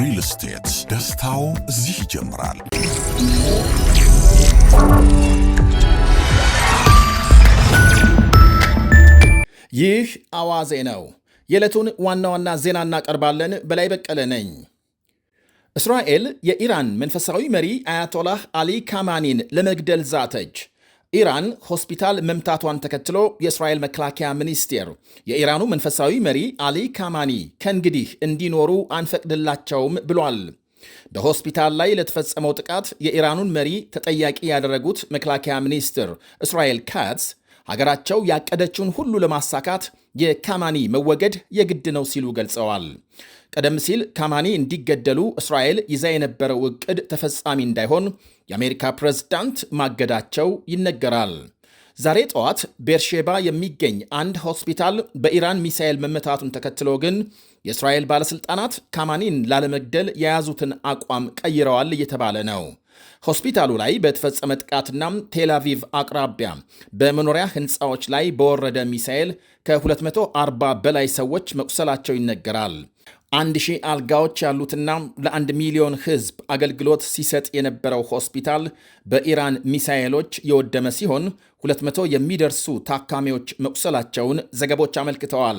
ሪል ስቴት ደስታው እዚህ ይጀምራል። ይህ አዋዜ ነው። የዕለቱን ዋና ዋና ዜና እናቀርባለን። በላይ በቀለ ነኝ። እስራኤል የኢራን መንፈሳዊ መሪ አያቶላህ አሊ ካማኒን ለመግደል ዛተች። ኢራን ሆስፒታል መምታቷን ተከትሎ የእስራኤል መከላከያ ሚኒስቴር የኢራኑ መንፈሳዊ መሪ አሊ ካማኒ ከእንግዲህ እንዲኖሩ አንፈቅድላቸውም ብሏል። በሆስፒታል ላይ ለተፈጸመው ጥቃት የኢራኑን መሪ ተጠያቂ ያደረጉት መከላከያ ሚኒስትር እስራኤል ካትስ ሀገራቸው ያቀደችውን ሁሉ ለማሳካት የካማኒ መወገድ የግድ ነው ሲሉ ገልጸዋል። ቀደም ሲል ካማኒ እንዲገደሉ እስራኤል ይዛ የነበረው እቅድ ተፈጻሚ እንዳይሆን የአሜሪካ ፕሬዝዳንት ማገዳቸው ይነገራል። ዛሬ ጠዋት ቤርሼባ የሚገኝ አንድ ሆስፒታል በኢራን ሚሳኤል መመታቱን ተከትሎ ግን የእስራኤል ባለሥልጣናት ካማኒን ላለመግደል የያዙትን አቋም ቀይረዋል እየተባለ ነው። ሆስፒታሉ ላይ በተፈጸመ ጥቃትና ቴላቪቭ አቅራቢያ በመኖሪያ ህንፃዎች ላይ በወረደ ሚሳኤል ከ240 በላይ ሰዎች መቁሰላቸው ይነገራል። አንድ ሺህ አልጋዎች ያሉትና ለአንድ ሚሊዮን ህዝብ አገልግሎት ሲሰጥ የነበረው ሆስፒታል በኢራን ሚሳኤሎች የወደመ ሲሆን 200 የሚደርሱ ታካሚዎች መቁሰላቸውን ዘገቦች አመልክተዋል።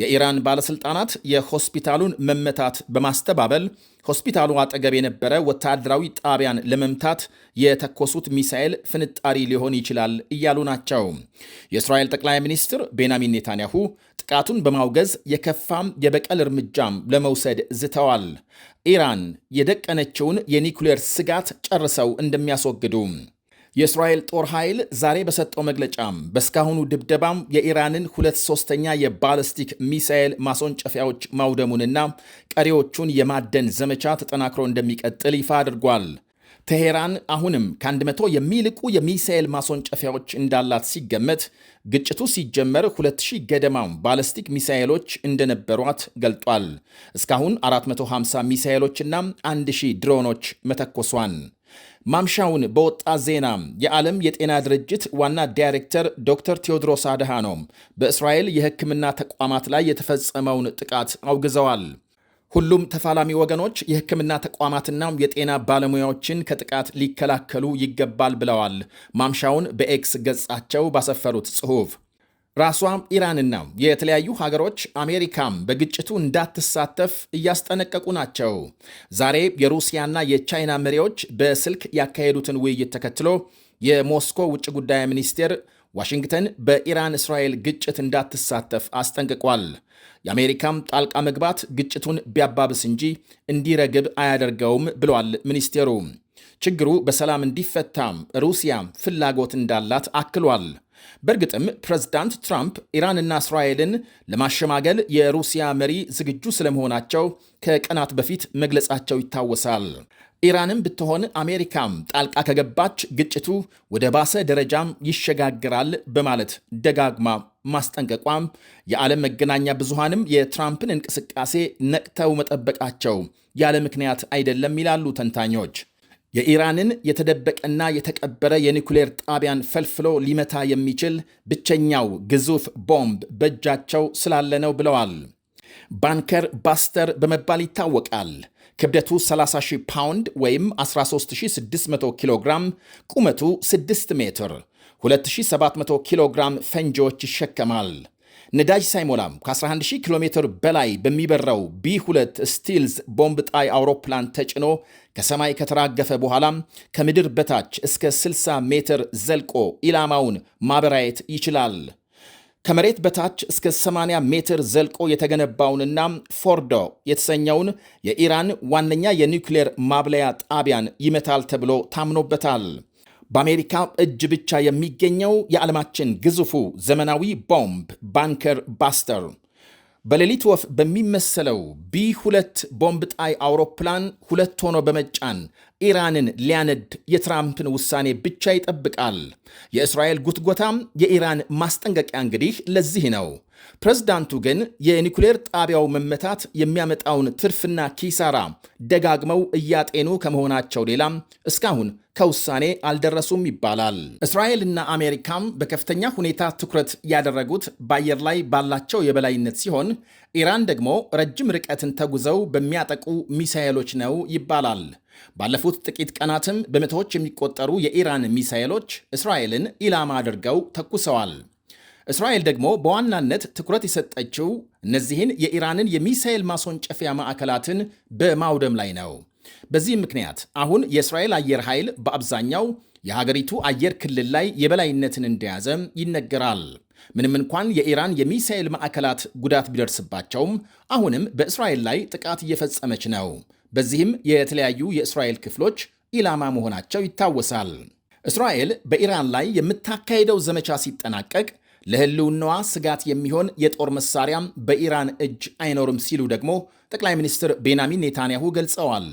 የኢራን ባለሥልጣናት የሆስፒታሉን መመታት በማስተባበል ሆስፒታሉ አጠገብ የነበረ ወታደራዊ ጣቢያን ለመምታት የተኮሱት ሚሳኤል ፍንጣሪ ሊሆን ይችላል እያሉ ናቸው። የእስራኤል ጠቅላይ ሚኒስትር ቤንያሚን ኔታንያሁ ጥቃቱን በማውገዝ የከፋም የበቀል እርምጃም ለመውሰድ ዝተዋል። ኢራን የደቀነችውን የኒኩሌር ስጋት ጨርሰው እንደሚያስወግዱ የእስራኤል ጦር ኃይል ዛሬ በሰጠው መግለጫም በእስካሁኑ ድብደባም የኢራንን ሁለት ሶስተኛ የባለስቲክ ሚሳኤል ማስወንጨፊያዎች ማውደሙንና ቀሪዎቹን የማደን ዘመቻ ተጠናክሮ እንደሚቀጥል ይፋ አድርጓል። ቴሄራን አሁንም ከ100 የሚልቁ የሚሳኤል ማስወንጨፊያዎች እንዳላት ሲገመት ግጭቱ ሲጀመር 2000 ገደማ ባለስቲክ ሚሳኤሎች እንደነበሯት ገልጧል። እስካሁን 450 ሚሳኤሎችና 1000 ድሮኖች መተኮሷን ማምሻውን በወጣ ዜና የዓለም የጤና ድርጅት ዋና ዳይሬክተር ዶክተር ቴዎድሮስ አድሃኖም በእስራኤል የሕክምና ተቋማት ላይ የተፈጸመውን ጥቃት አውግዘዋል። ሁሉም ተፋላሚ ወገኖች የሕክምና ተቋማትና የጤና ባለሙያዎችን ከጥቃት ሊከላከሉ ይገባል ብለዋል። ማምሻውን በኤክስ ገጻቸው ባሰፈሩት ጽሑፍ ራሷ ኢራንና የተለያዩ ሀገሮች አሜሪካም በግጭቱ እንዳትሳተፍ እያስጠነቀቁ ናቸው። ዛሬ የሩሲያና የቻይና መሪዎች በስልክ ያካሄዱትን ውይይት ተከትሎ የሞስኮ ውጭ ጉዳይ ሚኒስቴር ዋሽንግተን በኢራን እስራኤል ግጭት እንዳትሳተፍ አስጠንቅቋል። የአሜሪካም ጣልቃ መግባት ግጭቱን ቢያባብስ እንጂ እንዲረግብ አያደርገውም ብሏል ሚኒስቴሩ። ችግሩ በሰላም እንዲፈታም ሩሲያም ፍላጎት እንዳላት አክሏል። በእርግጥም ፕሬዝዳንት ትራምፕ ኢራንና እስራኤልን ለማሸማገል የሩሲያ መሪ ዝግጁ ስለመሆናቸው ከቀናት በፊት መግለጻቸው ይታወሳል። ኢራንም ብትሆን አሜሪካም ጣልቃ ከገባች ግጭቱ ወደ ባሰ ደረጃም ይሸጋግራል በማለት ደጋግማ ማስጠንቀቋም የዓለም መገናኛ ብዙሃንም የትራምፕን እንቅስቃሴ ነቅተው መጠበቃቸው ያለ ምክንያት አይደለም ይላሉ ተንታኞች። የኢራንን የተደበቀና የተቀበረ የኒኩሌር ጣቢያን ፈልፍሎ ሊመታ የሚችል ብቸኛው ግዙፍ ቦምብ በእጃቸው ስላለ ነው ብለዋል። ባንከር ባስተር በመባል ይታወቃል። ክብደቱ 30,000 ፓውንድ ወይም 13600 ኪሎ ግራም፣ ቁመቱ 6 ሜትር 2700 ኪሎ ግራም ፈንጂዎች ይሸከማል። ነዳጅ ሳይሞላም ከ11000 ኪሎ ሜትር በላይ በሚበራው ቢ2 ስቲልዝ ቦምብ ጣይ አውሮፕላን ተጭኖ ከሰማይ ከተራገፈ በኋላም ከምድር በታች እስከ 60 ሜትር ዘልቆ ኢላማውን ማበራየት ይችላል። ከመሬት በታች እስከ 80 ሜትር ዘልቆ የተገነባውንና ፎርዶ የተሰኘውን የኢራን ዋነኛ የኒውክሌር ማብለያ ጣቢያን ይመታል ተብሎ ታምኖበታል። በአሜሪካ እጅ ብቻ የሚገኘው የዓለማችን ግዙፉ ዘመናዊ ቦምብ ባንከር ባስተር በሌሊት ወፍ በሚመሰለው ቢ2 ቦምብ ጣይ አውሮፕላን ሁለት ሆኖ በመጫን ኢራንን ሊያነድ የትራምፕን ውሳኔ ብቻ ይጠብቃል። የእስራኤል ጉትጎታም የኢራን ማስጠንቀቂያ እንግዲህ ለዚህ ነው። ፕሬዝዳንቱ ግን የኒኩሌር ጣቢያው መመታት የሚያመጣውን ትርፍና ኪሳራ ደጋግመው እያጤኑ ከመሆናቸው ሌላም እስካሁን ከውሳኔ አልደረሱም ይባላል። እስራኤልና አሜሪካም በከፍተኛ ሁኔታ ትኩረት ያደረጉት በአየር ላይ ባላቸው የበላይነት ሲሆን ኢራን ደግሞ ረጅም ርቀትን ተጉዘው በሚያጠቁ ሚሳኤሎች ነው ይባላል። ባለፉት ጥቂት ቀናትም በመቶዎች የሚቆጠሩ የኢራን ሚሳኤሎች እስራኤልን ኢላማ አድርገው ተኩሰዋል። እስራኤል ደግሞ በዋናነት ትኩረት የሰጠችው እነዚህን የኢራንን የሚሳኤል ማስወንጨፊያ ማዕከላትን በማውደም ላይ ነው። በዚህ ምክንያት አሁን የእስራኤል አየር ኃይል በአብዛኛው የሀገሪቱ አየር ክልል ላይ የበላይነትን እንደያዘ ይነገራል። ምንም እንኳን የኢራን የሚሳኤል ማዕከላት ጉዳት ቢደርስባቸውም አሁንም በእስራኤል ላይ ጥቃት እየፈጸመች ነው። በዚህም የተለያዩ የእስራኤል ክፍሎች ኢላማ መሆናቸው ይታወሳል። እስራኤል በኢራን ላይ የምታካሄደው ዘመቻ ሲጠናቀቅ ለህልውናዋ ስጋት የሚሆን የጦር መሳሪያም በኢራን እጅ አይኖርም ሲሉ ደግሞ ጠቅላይ ሚኒስትር ቤንያሚን ኔታንያሁ ገልጸዋል።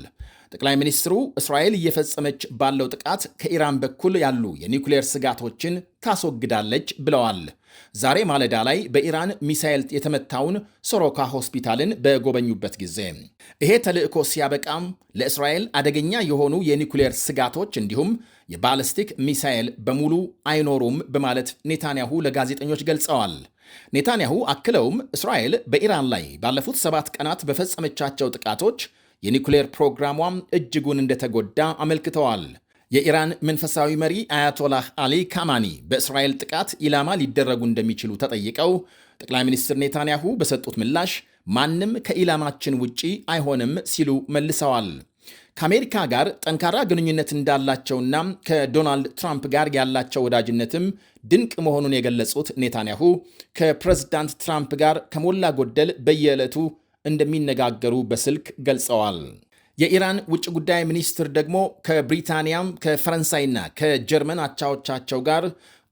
ጠቅላይ ሚኒስትሩ እስራኤል እየፈጸመች ባለው ጥቃት ከኢራን በኩል ያሉ የኒውክሌር ስጋቶችን ታስወግዳለች ብለዋል። ዛሬ ማለዳ ላይ በኢራን ሚሳኤል የተመታውን ሶሮካ ሆስፒታልን በጎበኙበት ጊዜ ይሄ ተልዕኮ ሲያበቃም ለእስራኤል አደገኛ የሆኑ የኒውክሌር ስጋቶች እንዲሁም የባለስቲክ ሚሳኤል በሙሉ አይኖሩም በማለት ኔታንያሁ ለጋዜጠኞች ገልጸዋል። ኔታንያሁ አክለውም እስራኤል በኢራን ላይ ባለፉት ሰባት ቀናት በፈጸመቻቸው ጥቃቶች የኒኩሌር ፕሮግራሟም እጅጉን እንደተጎዳ አመልክተዋል። የኢራን መንፈሳዊ መሪ አያቶላህ አሊ ካማኒ በእስራኤል ጥቃት ኢላማ ሊደረጉ እንደሚችሉ ተጠይቀው ጠቅላይ ሚኒስትር ኔታንያሁ በሰጡት ምላሽ ማንም ከኢላማችን ውጪ አይሆንም ሲሉ መልሰዋል። ከአሜሪካ ጋር ጠንካራ ግንኙነት እንዳላቸውና ከዶናልድ ትራምፕ ጋር ያላቸው ወዳጅነትም ድንቅ መሆኑን የገለጹት ኔታንያሁ ከፕሬዝዳንት ትራምፕ ጋር ከሞላ ጎደል በየዕለቱ እንደሚነጋገሩ በስልክ ገልጸዋል። የኢራን ውጭ ጉዳይ ሚኒስትር ደግሞ ከብሪታንያም ከፈረንሳይና ከጀርመን አቻዎቻቸው ጋር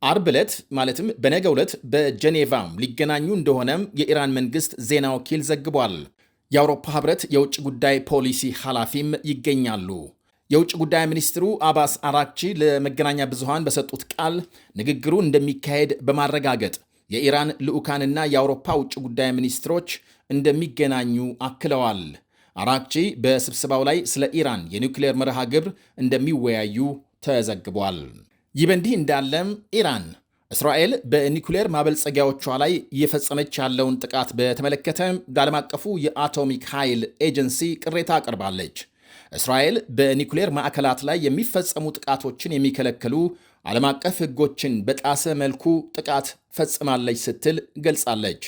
አርብ ዕለት ማለትም በነገው ዕለት በጄኔቫም ሊገናኙ እንደሆነም የኢራን መንግስት ዜና ወኪል ዘግቧል። የአውሮፓ ህብረት የውጭ ጉዳይ ፖሊሲ ኃላፊም ይገኛሉ። የውጭ ጉዳይ ሚኒስትሩ አባስ አራክቺ ለመገናኛ ብዙሃን በሰጡት ቃል ንግግሩ እንደሚካሄድ በማረጋገጥ የኢራን ልዑካንና የአውሮፓ ውጭ ጉዳይ ሚኒስትሮች እንደሚገናኙ አክለዋል። አራቅቺ በስብሰባው ላይ ስለ ኢራን የኒውክሌር መርሃ ግብር እንደሚወያዩ ተዘግቧል። ይህ በእንዲህ እንዳለም ኢራን እስራኤል በኒኩሌር ማበልጸጊያዎቿ ላይ እየፈጸመች ያለውን ጥቃት በተመለከተ ለዓለም አቀፉ የአቶሚክ ኃይል ኤጀንሲ ቅሬታ አቅርባለች። እስራኤል በኒኩሌር ማዕከላት ላይ የሚፈጸሙ ጥቃቶችን የሚከለክሉ ዓለም አቀፍ ሕጎችን በጣሰ መልኩ ጥቃት ፈጽማለች ስትል ገልጻለች።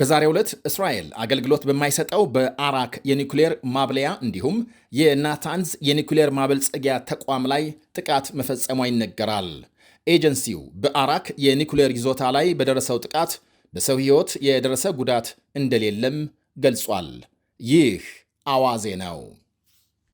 በዛሬው ዕለት እስራኤል አገልግሎት በማይሰጠው በአራክ የኒኩሌር ማብለያ እንዲሁም የናታንዝ የኒኩሌር ማበልጸጊያ ተቋም ላይ ጥቃት መፈጸሟ ይነገራል። ኤጀንሲው በአራክ የኒኩሌር ይዞታ ላይ በደረሰው ጥቃት በሰው ሕይወት የደረሰ ጉዳት እንደሌለም ገልጿል። ይህ አዋዜ ነው።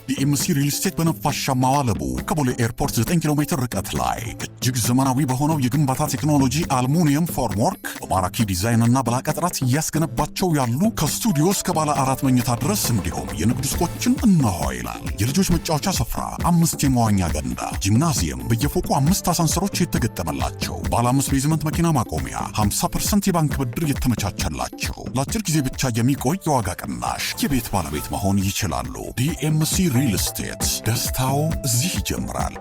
ዲኤምሲ ሪል ስቴት በነፋሻማ ዋለቡ ከቦሌ ኤርፖርት 9 ኪሎ ሜትር ርቀት ላይ እጅግ ዘመናዊ በሆነው የግንባታ ቴክኖሎጂ አልሙኒየም ፎርምወርክ በማራኪ ዲዛይንና በላቀ ጥራት እያስገነባቸው ያሉ ከስቱዲዮ እስከ ባለ አራት መኝታ ድረስ እንዲሁም የንግድ ሱቆችን እነሆ ይላል። የልጆች መጫወቻ ስፍራ፣ አምስት የመዋኛ ገንዳ፣ ጂምናዚየም፣ በየፎቁ አምስት አሳንሰሮች የተገጠመላቸው፣ ባለ አምስት ቤዝመንት መኪና ማቆሚያ፣ 50 ፐርሰንት የባንክ ብድር የተመቻቸላቸው፣ ለአጭር ጊዜ ብቻ የሚቆይ የዋጋ ቅናሽ፣ የቤት ባለቤት መሆን ይችላሉ። ዲኤምሲ ሪል ስቴት ደስታው እዚህ ይጀምራል።